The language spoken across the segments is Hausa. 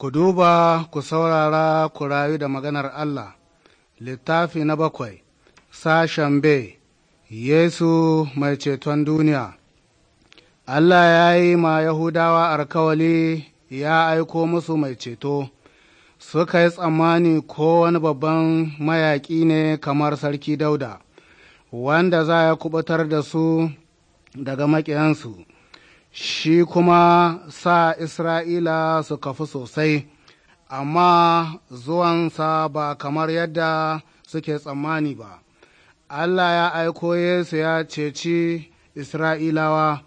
Ku duba ku saurara ku rayu da maganar Allah, littafi na bakwai, sashen B, Yesu mai ceton duniya. Allah ya yi ma Yahudawa alkawali ya aiko musu mai ceto, suka yi tsammani ko wani babban mayaƙi ne kamar Sarki Dauda, wanda za ya kubutar da su daga maƙiyansu. shi kuma sa Isra'ila su kafi sosai, amma zuwansa ba kamar yadda suke tsammani ba. Allah ya aiko Yesu ya ceci Isra'ilawa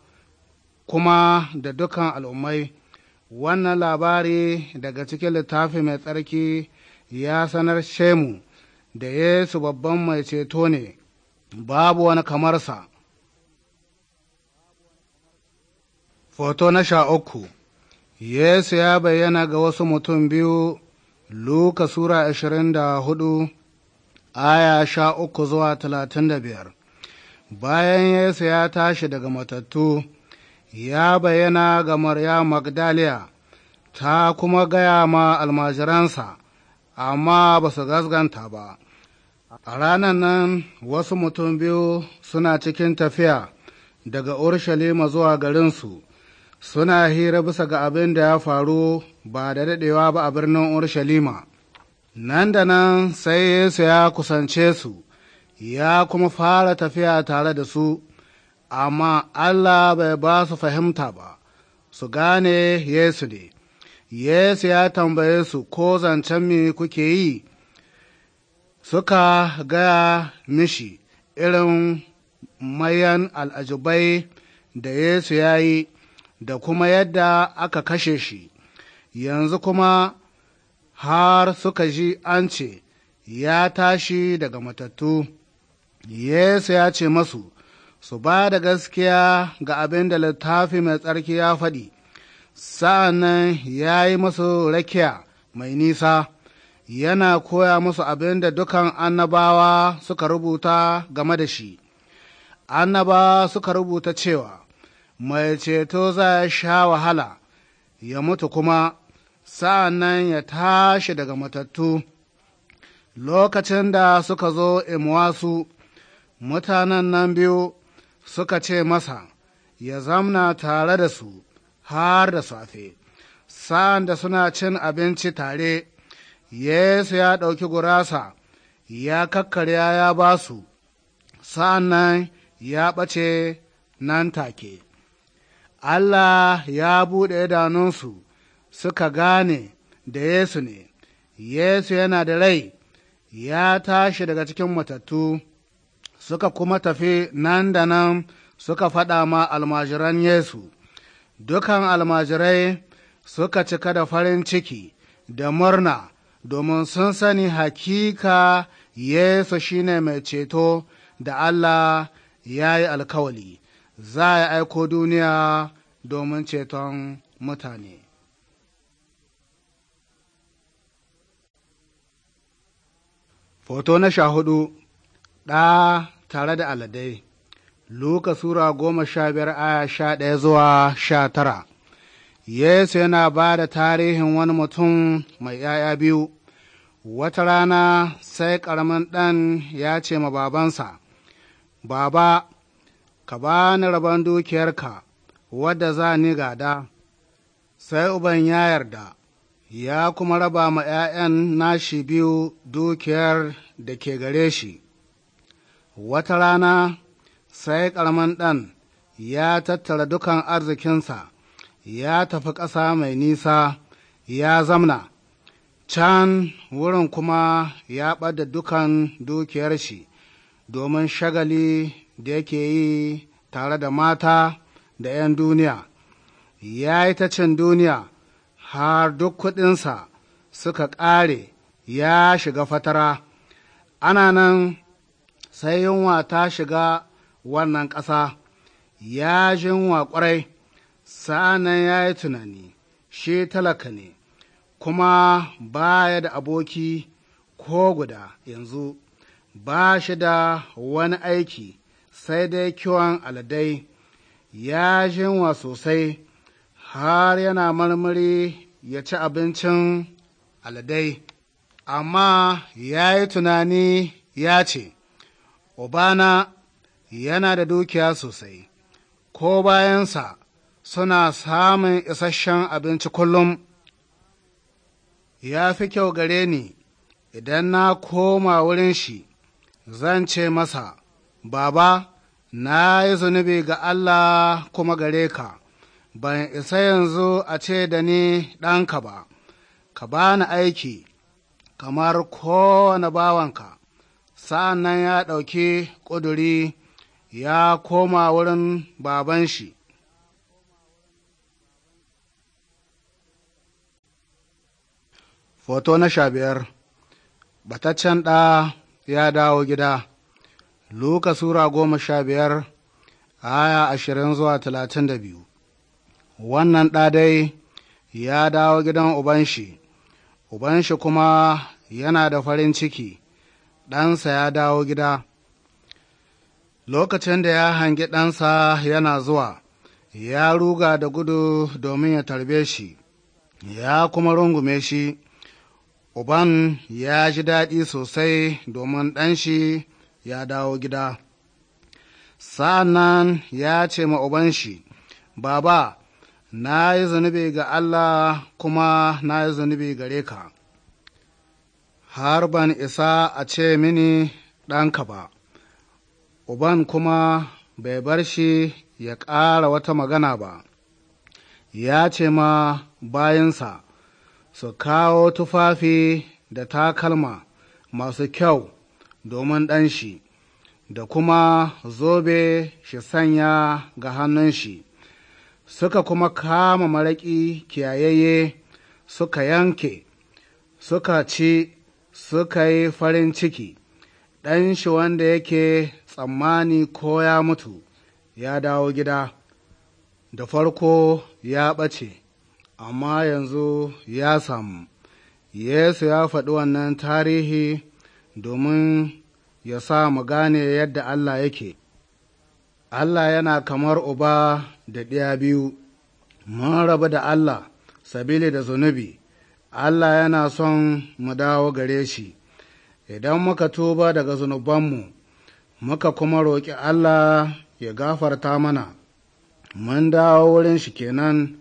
kuma da dukan al'ummai. Wannan labari daga cikin littafi mai tsarki ya sanar shemu da Yesu babban mai ceto ne, babu wani kamarsa. Foto na sha uku Yesu ya bayyana ga wasu mutum biyu Luka Sura ashirin da hudu aya sha uku zuwa talatin da biyar. Bayan Yesu ya tashi daga matattu, ya bayyana ga Marya Magdaliya, ta kuma gaya ma almajiransa, amma ba su gasganta ba. A ranar nan wasu mutum biyu suna cikin tafiya daga urshalima zuwa garinsu. suna hira bisa ga abin da ya faru ba da daɗewa ba a birnin Urshalima. Nan da nan sai Yesu ya kusance su, ya kuma fara tafiya tare da su, amma Allah bai ba su fahimta ba, su gane Yesu ne. Yesu ya tambaye su ko zancen me kuke yi, suka gaya mishi irin mayan al'ajibai da Yesu ya yi. da kuma yadda aka kashe shi, yanzu kuma har suka ji an ce ya tashi daga matattu. Yesu ya ce masu, su ba da gaskiya ga abin da littafi mai tsarki ya faɗi, sa'an ya yi masu rakiya mai nisa, yana koya musu abin da dukan annabawa suka rubuta game da shi. Annaba suka rubuta cewa, mai ceto zai sha wahala ya mutu kuma sa'an nan ya tashi daga matattu lokacin da suka zo imuwasu mutanen nan biyu suka ce masa ya zamna tare da su har da safe sa'an da suna cin abinci tare yesu ya ɗauki gurasa ya kakkarya ya ba su sa'an nan ya ɓace nan take Allah ya buɗe idanunsu suka gane da Yesu ne, Yesu yana da rai ya tashi daga cikin matattu suka kuma tafi nan da nan suka faɗa ma almajiran Yesu, dukan almajirai suka cika da farin ciki da murna domin sun sani hakika Yesu shine mai ceto da Allah ya yi alkawali. za ya aiko duniya domin ceton mutane. Foto na sha hudu ɗa tare da aladai Luka Sura goma sha biyar aya sha ɗaya zuwa sha tara Yesu yana ba da tarihin wani mutum mai ‘ya'ya biyu, wata rana sai ƙaramin ɗan ya ce ma babansa, Baba, ka ba ni rabon dukiyarka wadda za ni gada, sai uban ya yarda, ya kuma raba ma ’ya'yan nashi biyu dukiyar da ke gare shi. Wata rana sai ƙaramin ɗan ya tattara dukan arzikinsa, ya tafi ƙasa mai nisa, ya zamna, can wurin kuma ya ɓada dukan dukiyar shi domin shagali da yake yi tare da mata da ‘yan duniya, ya yi ta cin duniya har duk kuɗinsa suka ƙare ya shiga fatara, ana nan sai yunwa ta shiga wannan ƙasa, ya jinwa ƙwarai, sa'anan ya yi tunani, shi talaka ne, kuma baya da aboki ko guda yanzu, ba shi da wani aiki. sai dai kiwon aladai ya jinwa sosai har yana marmari ya ci abincin aladai amma ya yi tunani ya ce obana yana da dukiya sosai ko bayansa suna samun isasshen abinci kullum ya fi kyau gare ni idan na koma wurin shi zan ce masa, Baba, na yi zunubi ga Allah kuma gare ka, ban isa yanzu a ce da ni ɗanka ba, ka bani aiki kamar kowane bawanka, sa'an nan ya ɗauki ƙuduri ya koma wurin baban shi. Foto na sha biyar, bataccen ɗa ya dawo gida. Luka Sura goma sha biyar aya ashirin zuwa talatin da biyu Wannan ɗadai ya dawo gidan uban Ubanshi, Ubanshi kuma yana da farin ciki, ɗansa ya dawo gida. Lokacin da ya hangi ɗansa yana zuwa, ya ruga da gudu domin ya tarbe shi, ya kuma rungume shi, Uban ya ji daɗi sosai domin ɗanshi ya dawo gida sa'an ya ce ma uban shi baba na yi zunubi ga Allah kuma na yi zunubi gare ka har ban isa a ce mini ɗanka ba uban kuma bai bar shi ya ƙara wata magana ba ya ce ma bayansa su kawo tufafi da takalma masu kyau domin ɗan shi, da kuma zobe shi sanya ga hannun shi, suka kuma kama maraƙi kiyayayye suka yanke, suka ci, suka yi farin ciki, ɗan shi wanda yake tsammani ko ya mutu, ya dawo gida, da farko ya ɓace, amma yanzu ya samu. Yesu ya faɗi wannan tarihi domin ya sa mu gane yadda Allah yake. Allah yana kamar uba da ɗaya biyu, mun rabu da Allah, sabili da zunubi, Allah yana son mu dawo gare shi, idan muka tuba daga zunubanmu, muka kuma roƙi Allah ya gafarta mana, mun dawo wurin shi kenan,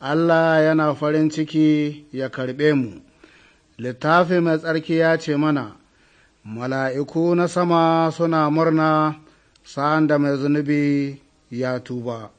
Allah yana farin ciki ya karɓe mu. Littafi mai tsarki ya ce mana, mala'iku na sama suna murna sa'an da mai zunubi ya tuba.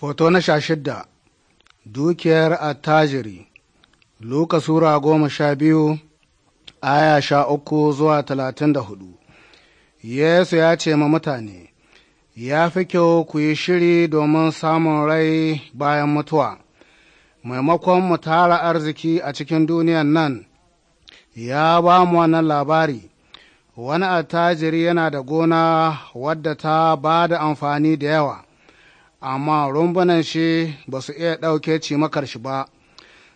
Foto na sha shidda Dukiyar attajiri Luka Sura goma sha biyu aya sha uku zuwa talatin da hudu Yesu ya ce ma mutane, Ya fi kyau ku yi shiri domin samun rai bayan mutuwa, maimakon mu tara arziki a cikin duniyan nan, ya ba mu wannan labari. wani attajiri yana da gona wadda ta ba da amfani da yawa amma rumbunan shi ba su iya ɗauke cimakar shi ba,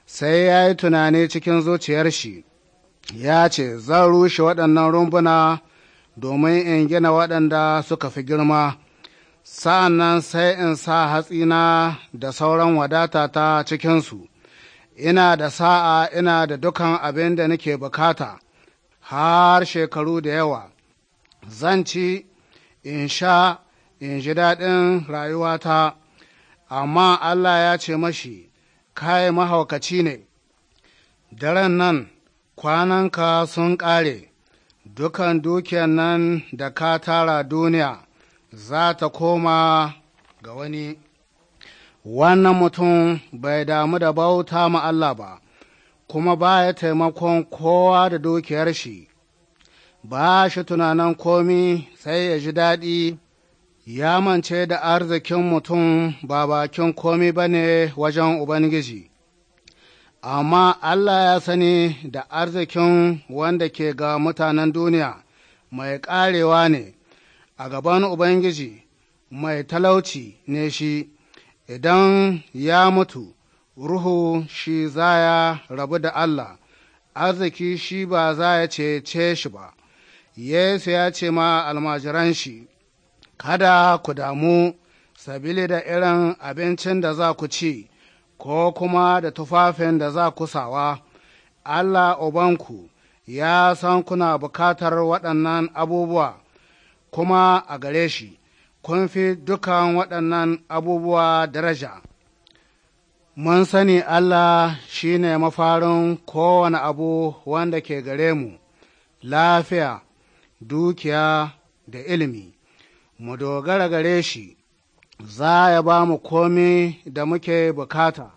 sai ya yi tunani cikin zuciyar shi, ya ce, Zan rushe waɗannan rumbuna domin in gina waɗanda suka fi girma, sa'an nan sai in sa hatsina da sauran wadata ta cikinsu, ina da sa'a ina da dukan abin da nake bukata, har shekaru da yawa, zan ci, in sha, in ji daɗin rayuwata, amma Allah ya ce mashi, kai mahaukaci ne, daren nan kwananka sun ƙare, dukan dukiyan nan da ka tara duniya za ta koma ga wani. Wannan mutum bai damu da bauta ma Allah ba, kuma ba ya taimakon kowa da dukiyar shi, ba shi tunanin komi sai ya ji daɗi. ya mance da arzikin mutum ba bakin komi ba ne wajen Ubangiji, amma Allah ya sani da arzikin wanda ke ga mutanen duniya mai ƙarewa ne a gaban Ubangiji mai talauci ne shi, idan ya mutu, Ruhu shi za ya rabu da Allah, arziki shi ba za ya cece shi ba, Yesu ya ce ma almajiran shi. kada ku damu sabili da irin abincin da za ku ci, ko kuma da tufafin da za ku sawa, Allah Ubanku ya san kuna bukatar waɗannan abubuwa, kuma a gare shi, kun fi dukan waɗannan abubuwa daraja. Mun sani Allah shi ne mafarin kowane abu wanda ke gare mu, lafiya, dukiya da ilimi. mu dogara gare shi za ya ba mu komi da muke bukata.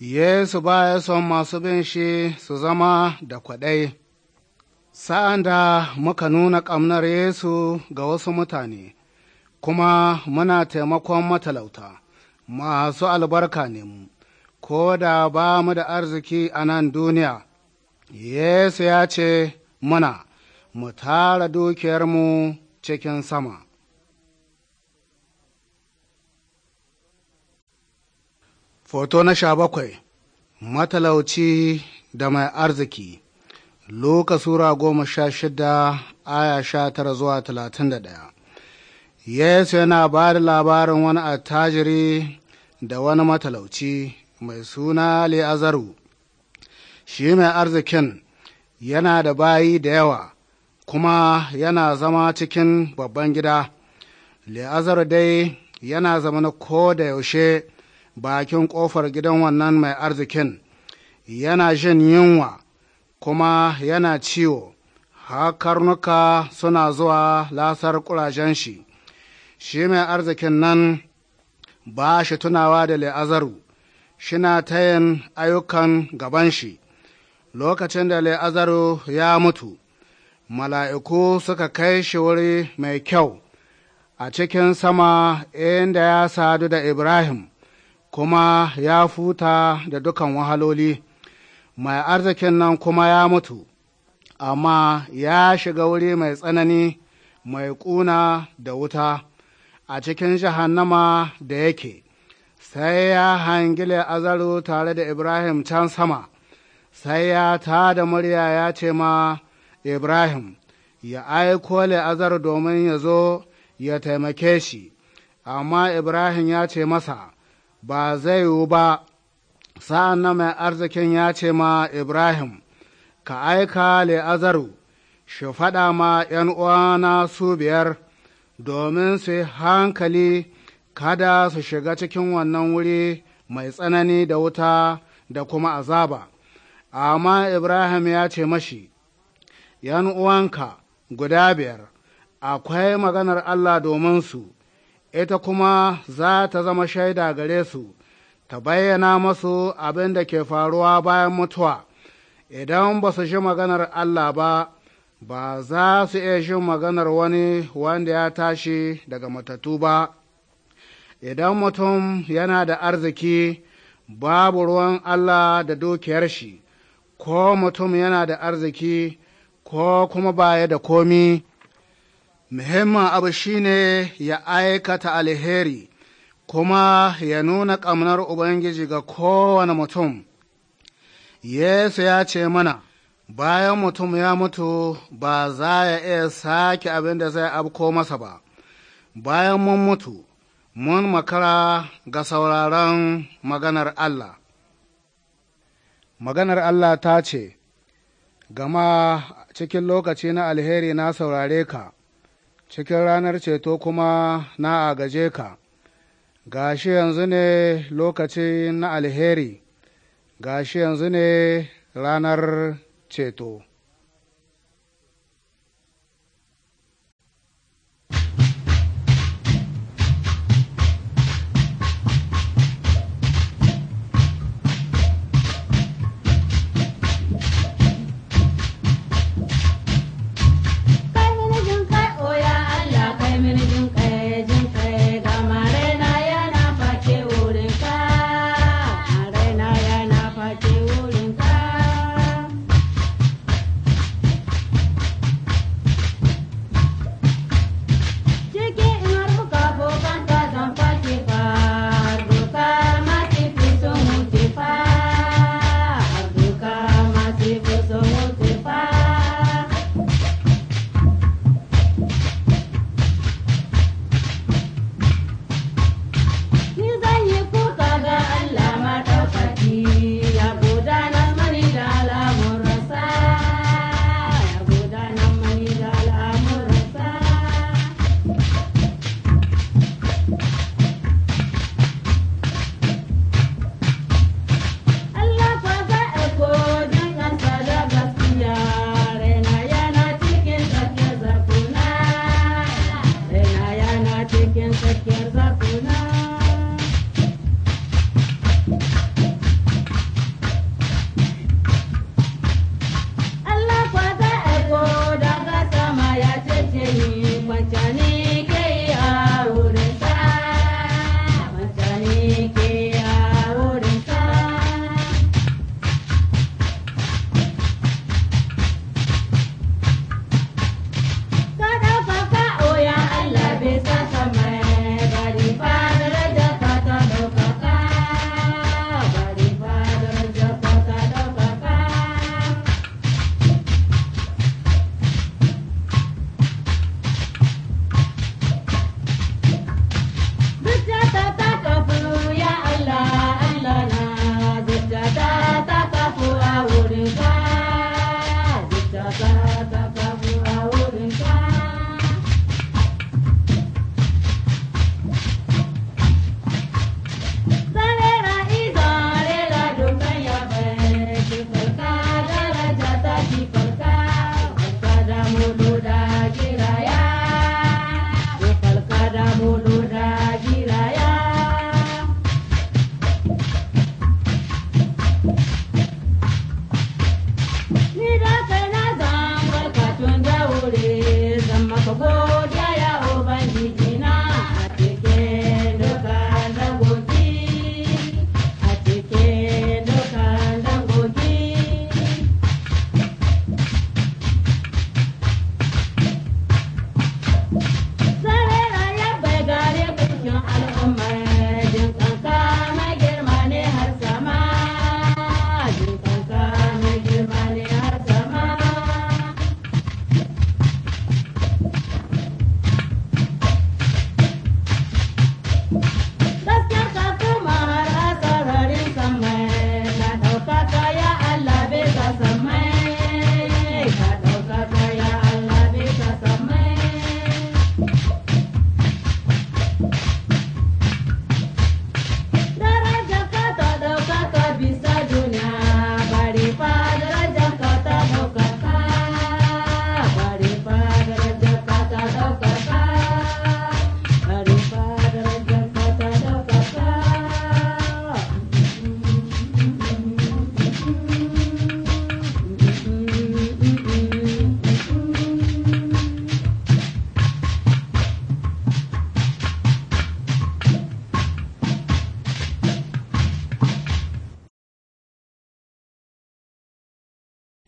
Yesu ba ya son masu bin shi su zama da kwaɗai. Sa'an da muka nuna ƙamnar Yesu ga wasu mutane, kuma muna taimakon matalauta, masu albarka ne mu, ko da ba mu da arziki a nan duniya. Yesu ya ce muna, mu tara dukiyarmu cikin sama. Foto na sha bakwai Matalauci da mai arziki Luka Sura goma sha shida aya sha tara zuwa talatin da ɗaya Yesu yana ba da labarin wani attajiri da wani matalauci mai suna Li'azaru, shi mai arzikin yana da bayi da yawa, kuma yana zama cikin babban gida le'azar dai yana zama na ko da yaushe bakin ƙofar gidan wannan mai arzikin yana jin yunwa kuma yana ciwo ha karnuka suna zuwa lasar ƙurajen shi shi mai arzikin nan ba shi tunawa da le'azaru shina ta yin ayyukan gaban shi lokacin da le'azaru ya mutu mala'iku suka kai shi wuri mai kyau a cikin sama inda ya sadu da Ibrahim, kuma ya futa da dukan wahaloli, mai arzikin nan kuma ya mutu, amma ya shiga wuri mai tsanani mai ƙuna da wuta a cikin jahannama da yake, sai ya hangile azaru tare da Ibrahim can sama, sai ya ta da murya ya ce ma, Ibrahim, ya aiko Le'azar domin ya zo ya taimake shi, amma Ibrahim ya ce masa, Ba zai yiwu ba, sa'an na mai arzikin ya ce ma Ibrahim, Ka aika Le'azaru, shi faɗa ma ’yan uwana su biyar, domin su hankali kada su shiga cikin wannan wuri mai tsanani da wuta da kuma azaba. Amma Ibrahim ya ce mashi, ‘yan uwanka guda biyar, akwai maganar Allah domin su, ita kuma za ta zama shaida gare su, ta bayyana masu abin da ke faruwa bayan mutuwa, idan ba su ji maganar Allah ba, ba za su iya jin maganar wani wanda ya tashi daga matattu ba. Idan mutum yana da arziki, babu ruwan Allah da dukiyar shi, ko mutum yana da arziki, ko kuma baya da komi muhimmin abu shine ya aikata alheri kuma ya nuna ƙamnar ubangiji ga kowane mutum yesu ya ce mana bayan mutum ya mutu ba za ya iya sake abin da zai abko masa ba bayan mun mutu mun makara ga sauraron maganar Allah. Maganar Allah ta ce, Gama cikin lokaci na alheri na saurare ka, cikin ranar ceto kuma na agaje ka, gashi yanzu ne lokaci na alheri, gashi yanzu ne ranar ceto.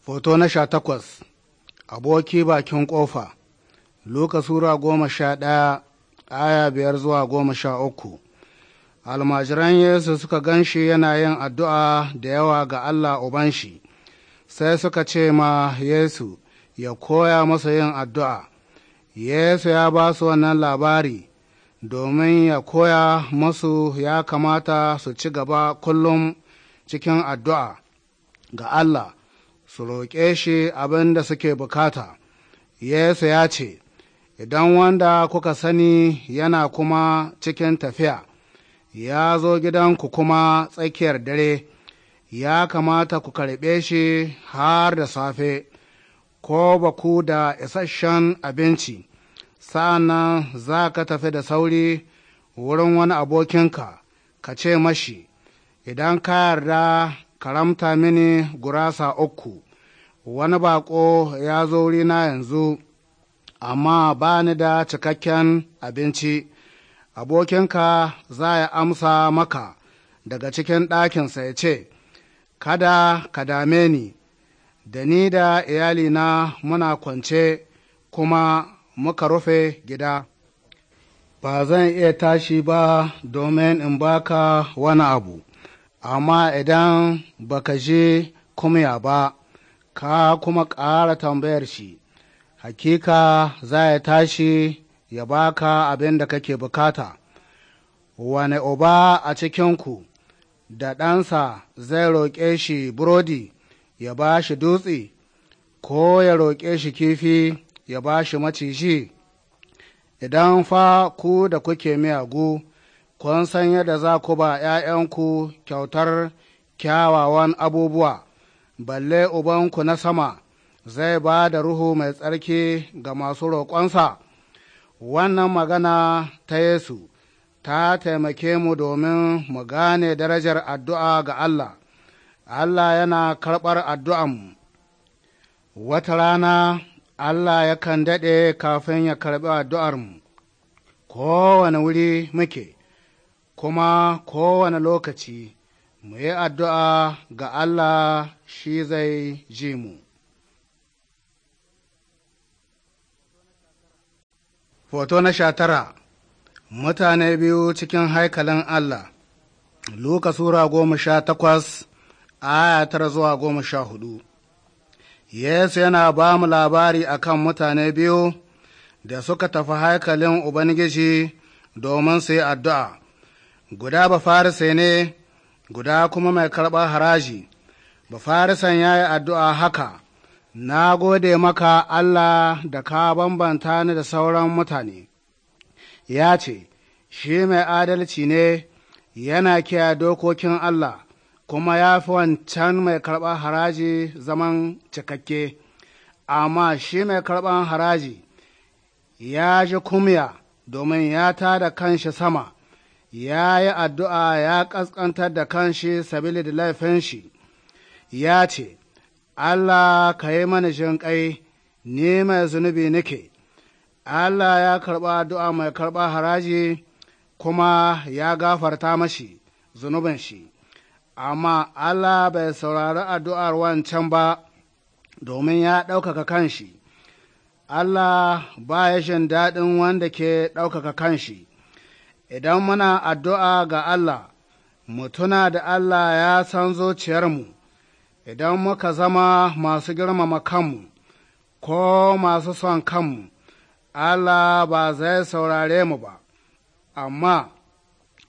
Foto na sha takwas Aboki bakin ƙofa Luka Sura goma sha ɗaya aya biyar zuwa goma sha uku Almajiran Yesu suka gan shi yana yin addu'a da yawa ga Allah Ubanshi, sai suka ce ma Yesu ya koya masa yin addu'a. Yesu ya ba su wannan labari domin ya koya masu ya kamata su ci gaba kullum cikin addu'a ga Allah. su roƙe shi abin da suke bukata. Yesu ya ce, Idan wanda kuka sani yana kuma cikin tafiya, ya zo gidanku kuma tsakiyar dare, ya kamata ku karɓe shi har da safe, ko ba ku da isasshen abinci, sa'an za ka tafi da sauri wurin wani abokinka, ka ce mashi, Idan ka yarda karamta mini gurasa uku, wani bako ya zo wurina yanzu, amma ba ni da cikakken abinci, abokinka za ya amsa maka daga cikin ɗakinsa ya ce, Kada ka dame ni, da ni da iyalina muna kwance kuma muka rufe gida. Ba zan iya tashi ba domin in baka wani abu. amma idan baka je kumya ba ka kuma ƙara tambayar shi hakika za ya tashi ya baka abin da kake bukata wane uba a cikinku da ɗansa zai roƙe shi burodi ya ba shi dutse ko ya roƙe shi kifi ya ba shi maciji idan fa ku da kuke miyagu kun san yadda za ku ba ’ya'yanku kyautar kyawawan abubuwa, balle Ubanku na sama zai ba da Ruhu mai tsarki ga masu roƙonsa. Wannan magana ta Yesu ta taimake mu domin mu gane darajar addu'a ga Allah, Allah yana karɓar addu'anmu. Wata rana Allah yakan daɗe kafin ya karɓi addu'armu, kowane wuri muke. kuma kowane lokaci mu yi addu'a ga Allah shi zai ji mu. Foto na sha tara Mutane biyu cikin haikalin Allah Luka Sura goma sha takwas aya tara zuwa goma sha hudu Yesu yana ba mu labari a kan mutane biyu da suka tafi haikalin Ubangiji domin su yi addu'a. guda Ba bafarisa ne guda kuma mai karɓar haraji Ba bafarisan ya yi addu'a haka na gode maka Allah da ka bambanta ni da sauran mutane ya ce shi mai adalci ne yana kiyaye dokokin Allah kuma ya fi wancan mai karɓar haraji zaman cikakke amma shi mai karɓar haraji ya ji kumya domin ya tada kanshi sama ya yi addu'a ya ƙasƙantar da kanshi sabili da laifin shi, ya ce, Allah ka yi mana jinƙai, ni mai zunubi nake, Allah ya karɓa addu'a mai karɓa haraji kuma ya gafarta mashi zunubin shi, amma Allah bai saurari addu'ar wancan ba domin ya ɗaukaka kanshi. Allah ba ya jin daɗin wanda ke ɗaukaka kanshi. idan muna addu'a ga Allah, mutuna da Allah ya san zuciyarmu, idan muka zama masu girmama kanmu ko masu son kanmu, Allah ba zai saurare mu ba, amma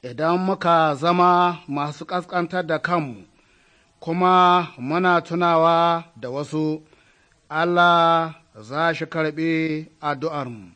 idan muka zama masu ƙasƙantar da kanmu, kuma muna tunawa da wasu, Allah za shi karɓi addu'armu.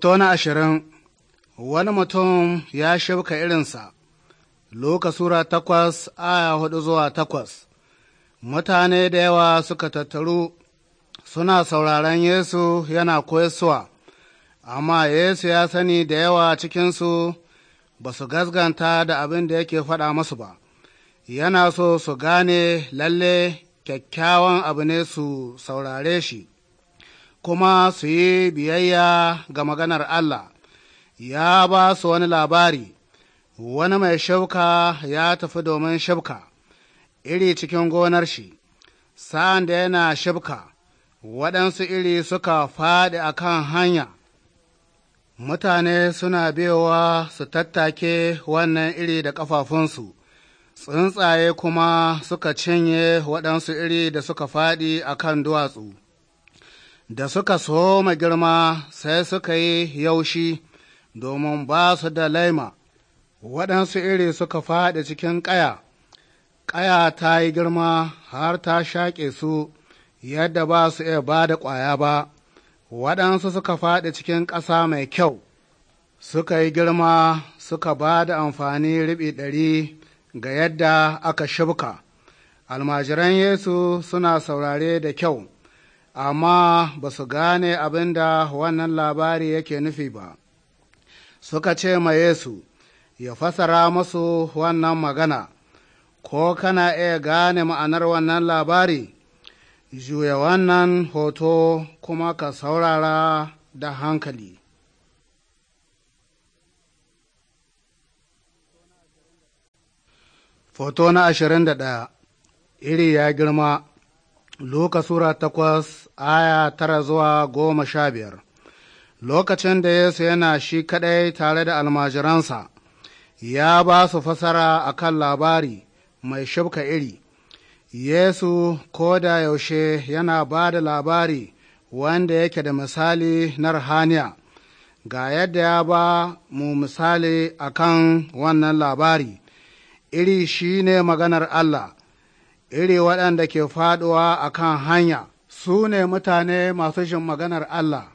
Hoto na ashirin Wani mutum ya shauka irinsa, Luka Sura takwas aya hudu zuwa takwas. Mutane da yawa suka tattaru suna sauraron Yesu yana koyarwa, amma Yesu ya sani da yawa cikinsu ba su gasganta da abin da yake faɗa masu ba. Yana so su gane lalle kyakkyawan abu ne su saurare shi. kuma su yi biyayya ga maganar Allah, ya ba su wani labari, wani mai shauka ya tafi domin shauka, iri cikin gonar shi, sa'an da yana shauka, waɗansu iri suka faɗi a kan hanya, mutane suna bewa su tattake wannan iri da ƙafafunsu. Tsuntsaye kuma suka cinye waɗansu iri da suka faɗi a kan duwatsu. da suka soma girma sai suka yi yaushi domin ba su da laima, waɗansu iri suka faɗi cikin ƙaya, ƙaya ta yi girma har ta shaƙe su yadda ba su iya ba da ƙwaya ba, waɗansu suka faɗi cikin ƙasa mai kyau, suka yi girma suka ba da amfani riɓi ɗari ga yadda aka shibka. Almajiran Yesu suna saurare da kyau. amma ba su gane abin da wannan labari yake nufi ba, suka ce ma Yesu, ya fasara masu wannan magana, ko kana iya gane ma'anar wannan labari, juya wannan hoto kuma ka saurara da hankali. Foto na ashirin da ɗaya, iri ya girma. Luka Sura takwas aya tara zuwa goma sha biyar Lokacin da Yesu yana shi kaɗai tare da almajiransa, ya ba su fasara a kan labari mai shubka iri. Yesu ko da yaushe yana ba da labari wanda yake da misali na rahaniya, ga yadda ya ba mu misali a kan wannan labari, iri shi ne maganar Allah. iri waɗanda ke faɗuwa a kan hanya, su ne mutane masu shin maganar Allah,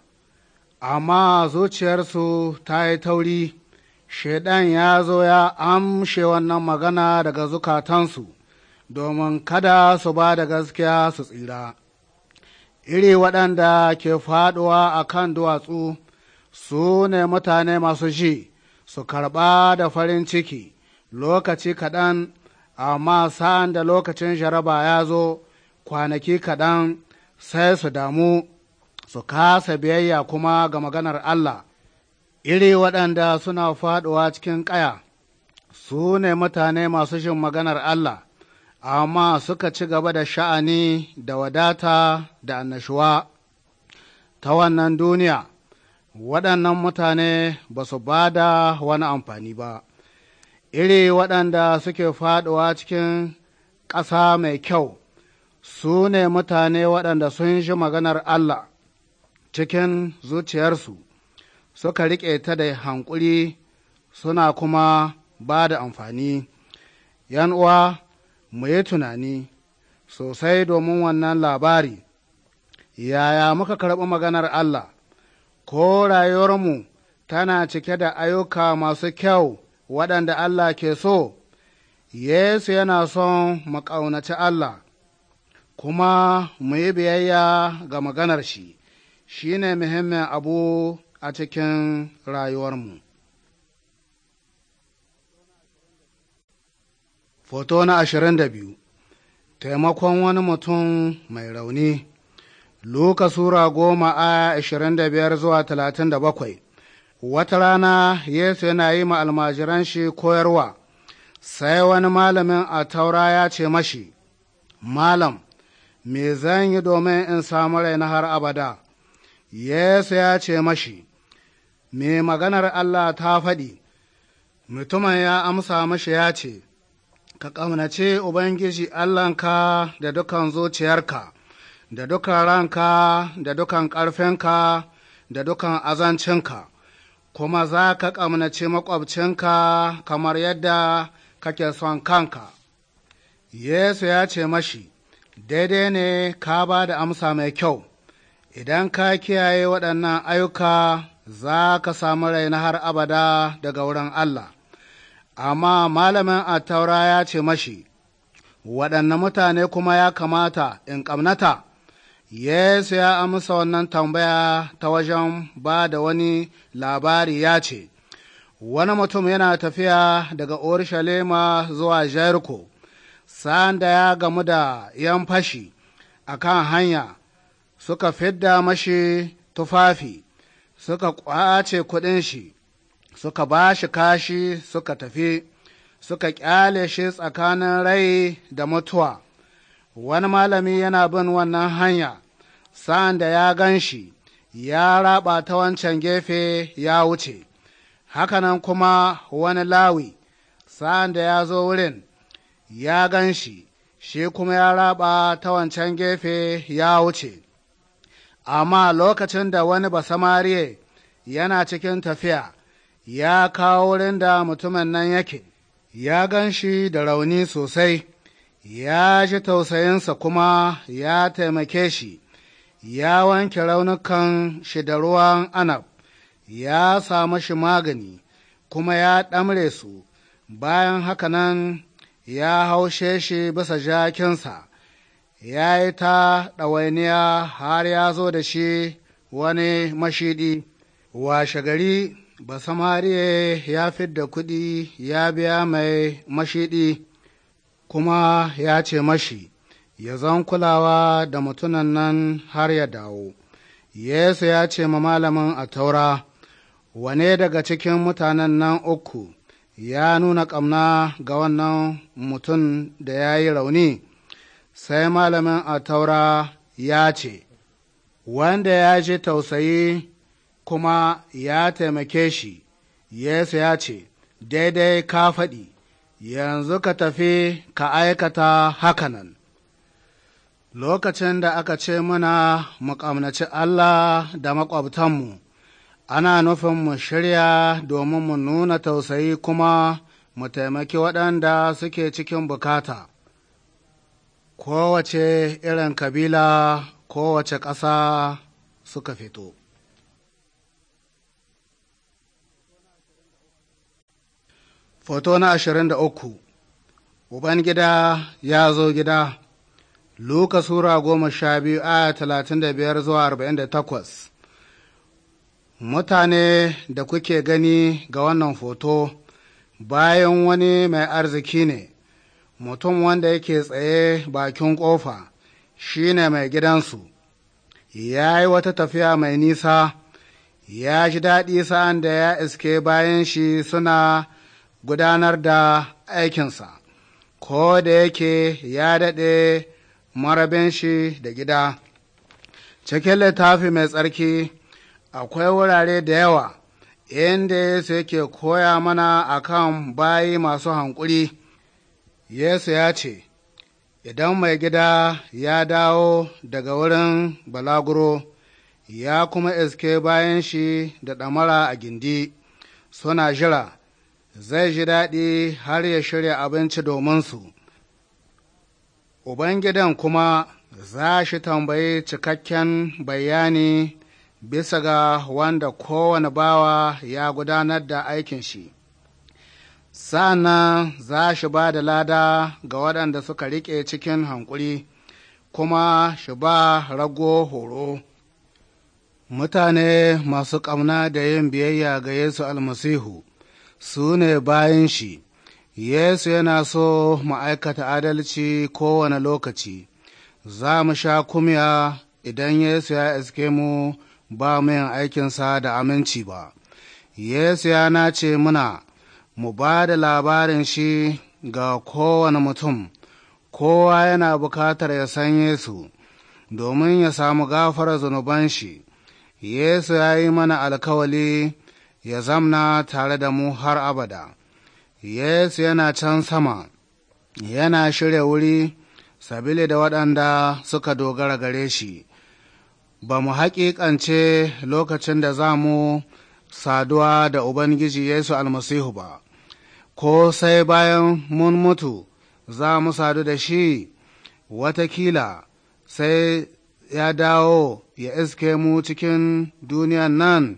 amma zuciyarsu ta yi tauri, Shaiɗan ya zo ya amshe wannan magana daga zukatansu, domin kada su ba da gaskiya su tsira. Iri waɗanda ke faɗuwa a kan duwatsu, su ne mutane masu ji, su karɓa da farin ciki, lokaci kaɗan amma sa'an da lokacin jaraba ya zo kwanaki kaɗan sai su damu su kasa biyayya kuma ga maganar Allah, iri waɗanda suna faɗuwa cikin ƙaya, su ne mutane masu shin maganar Allah, amma suka ci gaba da sha'ani da wadata da annashuwa ta wannan duniya, waɗannan mutane ba su ba da wani amfani ba. iri waɗanda suke faɗuwa cikin ƙasa mai kyau, su ne mutane waɗanda sun shi maganar Allah cikin zuciyarsu, suka riƙe ta da hankuri suna kuma ba da amfani. ‘Yan uwa, mu yi tunani sosai domin wannan labari, yaya muka karɓi maganar Allah, ko rayuwarmu tana cike da ayyuka masu kyau. waɗanda Allah ke so, Yesu yana son mu ƙaunaci Allah, kuma mu yi biyayya ga maganar shi, shi ne muhimmin abu a cikin rayuwarmu. Foto na ashirin da biyu Taimakon wani mutum mai rauni Luka Sura goma a ashirin da biyar zuwa talatin da bakwai wata rana Yesu yana yi ma almajiran shi koyarwa, sai wani malamin a taura ya ce mashi, Malam, me zan yi domin in samu na har abada? Yesu ya ce mashi, Me maganar Allah ta faɗi, mutumin ya amsa mashi ya ce, Ka ƙaunace Ubangiji Allahnka da dukan zuciyarka, da dukan ranka, da dukan ƙarfinka, da dukan azancinka. kuma za ka ƙamnaci maƙwabcinka kamar yadda kake son kanka. Yesu ya ce mashi, daidai ne ka ba da amsa mai kyau, idan ka kiyaye waɗannan ayyuka za ka samu raina har abada daga wurin Allah. Amma malamin attaura ya ce mashi, waɗanne mutane kuma ya kamata in ƙamnata, Yesu ya amsa wannan tambaya ta wajen ba da wani labari ya ce, Wani mutum yana tafiya daga Urushalima zuwa Jericho, sanda ya gamu da ‘yan fashi a kan hanya, suka fidda mashi tufafi, suka ƙwace kuɗin shi, suka ba shi kashi suka tafi, suka ƙyale shi tsakanin rai da mutuwa. Wani malami yana bin wannan hanya. sa'an da ya gan shi ya raba ta wancan gefe ya wuce, hakanan kuma wani lawi sa'an da ya zo wurin ya gan shi, shi kuma ya raba ta wancan gefe ya wuce. Amma lokacin da wani basamariye yana cikin tafiya, ya kawo wurin da mutumin nan yake, ya gan shi da rauni sosai, ya ji tausayinsa kuma ya taimake shi. ya wanke raunukan shi da ruwan anab, ya samu shi magani, kuma ya ɗamre su, bayan haka nan ya haushe shi bisa jakinsa, ya yi ta ɗawainiya har ya zo da shi wani mashiɗi. Washe gari, basamariye ya da kuɗi ya biya mai mashiɗi, kuma ya ce mashi. ya zan kulawa da mutunan nan har ya dawo. Yesu ya ce ma malamin a taura, wane daga cikin mutanen nan uku ya nuna ƙamna ga wannan mutum da ya yi rauni, sai malamin a taura ya ce, wanda ya ji tausayi kuma ya taimake shi, Yesu ya ce, daidai ka faɗi, yanzu ka tafi ka aikata hakanan. lokacin da aka ce muna mu ƙamnaci Allah da maƙwabtanmu, ana nufin mu shirya domin mu nuna tausayi kuma mu taimaki waɗanda suke cikin bukata. Kowace irin kabila, kowace ƙasa suka fito. Foto na ashirin da uku Ubangida ya zo gida. Luka Sura goma sha biyu aya talatin da biyar zuwa arba'in da takwas Mutane da kuke gani ga wannan foto bayan wani mai arziki ne, mutum wanda yake tsaye bakin ƙofa shi ne mai gidansu, ya yi wata tafiya mai nisa, ya ji daɗi sa'an da ya iske bayan shi suna gudanar da aikinsa, ko da yake ya daɗe maraben shi da gida cikin littafi mai tsarki akwai wurare da yawa inda yesu yake koya mana akan bayi masu hankuri yesu ya ce idan mai gida ya dawo daga wurin balaguro ya kuma iske bayan shi da ɗamara a gindi suna jira zai ji daɗi har ya shirya abinci domin su Ubangidan kuma za shi tambayi cikakken bayani bisa ga wanda kowane bawa ya gudanar da aikin shi. Sa'an za shi ba da lada ga waɗanda suka riƙe cikin hankuri, kuma shi ba rago horo. Mutane masu ƙamna da yin biyayya ga Yesu almasihu su ne bayan shi, Yesu yana so mu aikata adalci kowane lokaci, za mu sha kumya idan Yesu ya iske mu ba mu yin aikinsa da aminci ba. Yesu ya nace muna mu ba da labarin shi ga kowane mutum, kowa yana bukatar ya san Yesu, domin ya samu gafara zunuban shi. Yesu ya yi mana alkawali ya zamna tare da mu har abada. Yesu yana can sama, yana shirya wuri sabili da waɗanda suka dogara gare shi, ba mu haƙiƙance lokacin da za mu saduwa da Ubangiji Yesu almasihu ba, ko sai bayan mun mutu za mu sadu da shi watakila sai ya dawo ya iske mu cikin duniyan nan,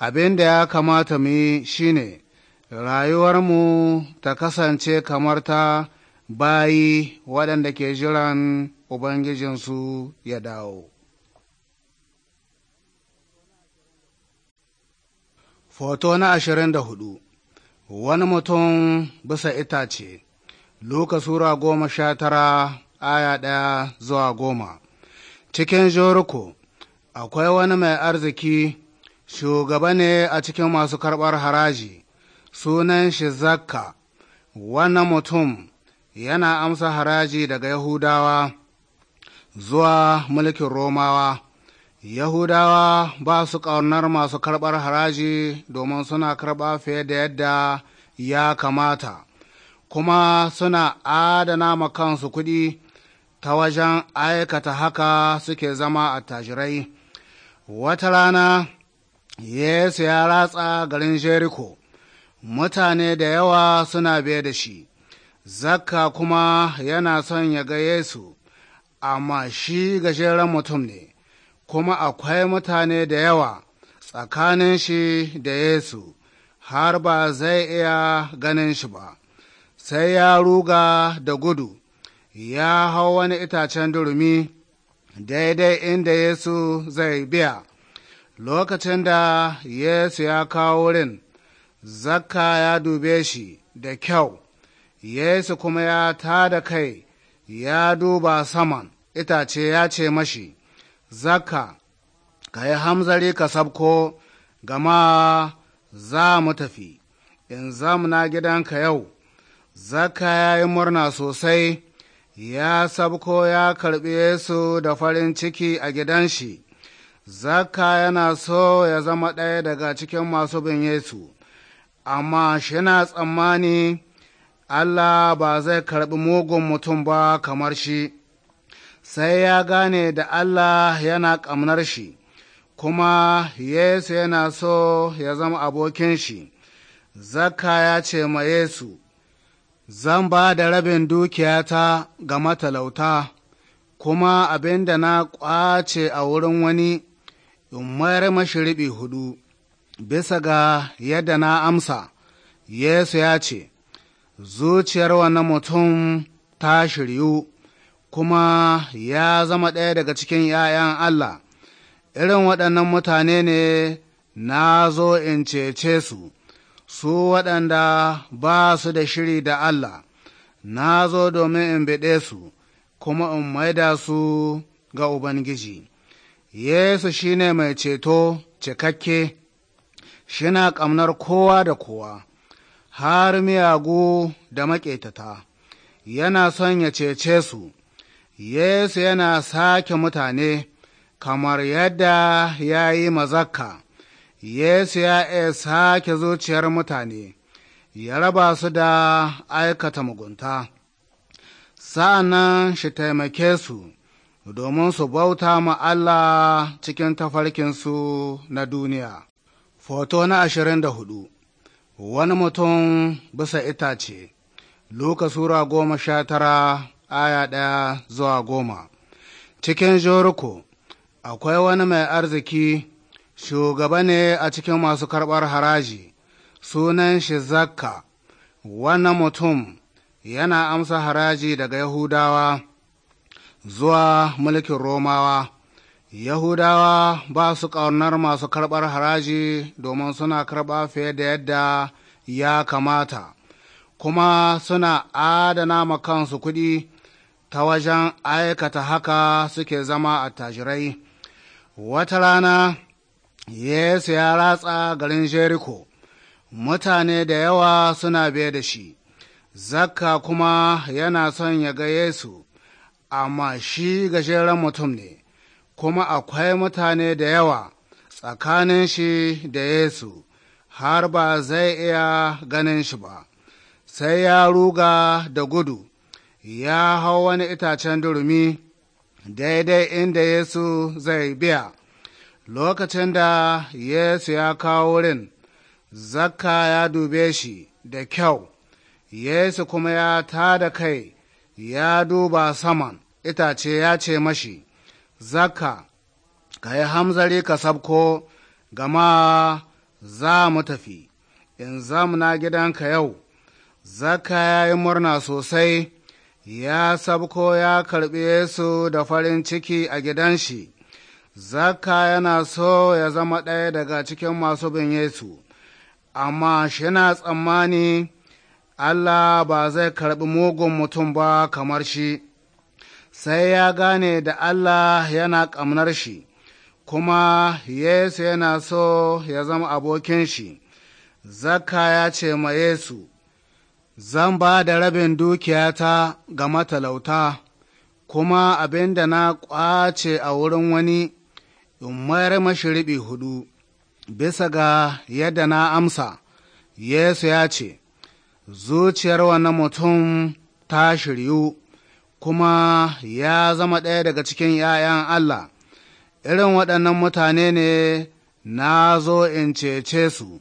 abin da ya kamata mu yi shi ne. Rayuwar mu ta kasance kamar ta bayi waɗanda ke jiran Ubangijinsu ya dawo. Foto na ashirin da hudu Wani mutum bisa itace, Luka Sura goma sha tara aya ɗaya zuwa goma. Cikin Joruko, akwai wani mai arziki, shugaba ne a cikin masu karɓar haraji. sunan shi zakka, wannan mutum yana amsa haraji daga Yahudawa zuwa mulkin Romawa. Yahudawa ba su ƙaunar masu karɓar haraji domin suna karɓa fiye da yadda ya kamata, kuma suna adana ma kansu kuɗi ta wajen aikata haka suke zama attajirai. Wata rana, Yesu ya ratsa garin Jeriko, mutane da yawa suna biye da shi, zakka kuma yana son ya ga Yesu, amma shi gajeren mutum ne, kuma akwai mutane da yawa tsakanin shi da Yesu, har ba zai iya ganin shi ba, sai ya ruga da gudu, ya hau wani itacen durumi daidai inda Yesu zai biya. Lokacin da Yesu ya kawo wurin, zakka ya dube shi da kyau, Yesu kuma ya tā da kai ya duba saman itace ya ce mashi, Zakka, ka yi hamzari ka sabko, gama za mu tafi, in zamuna gidanka yau, zakka ya yi murna sosai, ya sabko ya karɓi Yesu da farin ciki a gidan shi. Zakka yana so ya zama ɗaya daga cikin masu bin Yesu. amma shi na tsammani Allah ba zai karɓi mugun mutum ba kamar shi, sai ya gane da Allah yana ƙamnar shi, kuma Yesu yana so ya zama abokin shi. Zaka ya ce ma Yesu, Zan ba da rabin dukiyata ga matalauta, kuma abin da na ƙwace a wurin wani, in mayar mashi riɓi hudu. bisa ga yadda na amsa, Yesu ya ce, Zuciyar wannan mutum ta shiryu, kuma ya zama ɗaya daga cikin ’ya'yan Allah, irin waɗannan mutane ne na zo in cece su, su waɗanda ba su da shiri da Allah, na zo domin in biɗe su, kuma in maida su ga Ubangiji. Yesu shi ne mai ceto cikakke. Shina ƙamnar kowa da kowa, har miyagu da maƙetata, yana son ya cece su, Yesu yana sake mutane kamar yadda ya yi mazakka, Yesu ya e sake zuciyar mutane, ya raba su da aikata mugunta, sa'an shi taimake su. domin su bauta ma Allah cikin tafarkinsu na duniya. Foto na ashirin da hudu Wani mutum bisa itace, Luka Sura goma sha tara aya ɗaya zuwa goma. Cikin Joruko, akwai wani mai arziki, shugaba ne a cikin masu karɓar haraji, sunan shi Zakka, wannan mutum yana amsa haraji daga Yahudawa zuwa mulkin Romawa. Yahudawa ba su ƙaunar masu karɓar haraji domin suna karɓa fiye da yadda ya kamata, kuma suna adana ma kansu kuɗi ta wajen aikata haka suke zama attajirai. Wata rana, Yesu ya ratsa garin Jeriko, mutane da yawa suna biye da shi, zakka kuma yana son ya ga Yesu, amma shi gajeren mutum ne. kuma akwai mutane da yawa tsakanin shi da Yesu, har ba zai iya ganin shi ba, sai ya ruga da gudu, ya hau wani itacen durumi daidai inda Yesu zai biya. Lokacin da Yesu ya kawo wurin, zakka ya dube shi da kyau, Yesu kuma ya tā da kai, ya duba saman, itace ya ce mashi, zaka, ka yi hamzari ka sabko, gama za mu tafi, in za na gidanka yau, zaka ya yi murna sosai, ya sabko ya karɓi su da farin ciki a gidan shi, zaka yana so ya zama ɗaya daga cikin masu bin Yesu, amma shi na tsammani Allah ba zai karɓi mugun mutum ba kamar shi. sai ya gane da Allah yana ƙamnar shi, kuma Yesu yana so ya zama abokin shi. Zaka ya ce ma Yesu, Zan ba da rabin dukiyata ga matalauta, kuma abin da na ƙwace a wurin wani in mayar mashi riɓi hudu, bisa ga yadda na amsa, Yesu ya ce, Zuciyar wannan mutum ta shiryu. kuma ya zama ɗaya daga cikin ’ya'yan Allah, irin waɗannan mutane ne na zo in cece su,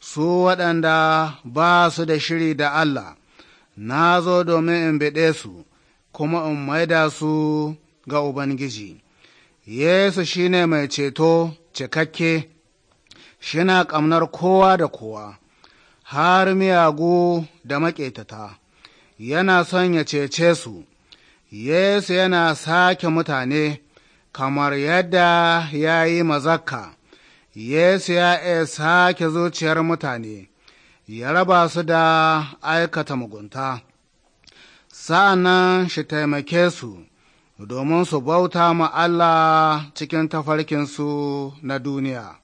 su waɗanda ba su da shiri da Allah, na zo domin in biɗe su, kuma in maida su ga Ubangiji. Yesu shi ne mai ceto cikakke, shina ƙamnar kowa da kowa, har miyagu da maƙetata, yana son ya cece su. Yesu yana sake mutane kamar yadda ya yi mazakka, Yesu ya iya sake zuciyar mutane, ya raba su da aikata mugunta, sa'an shi taimake su domin su bauta ma Allah cikin tafarkinsu na duniya.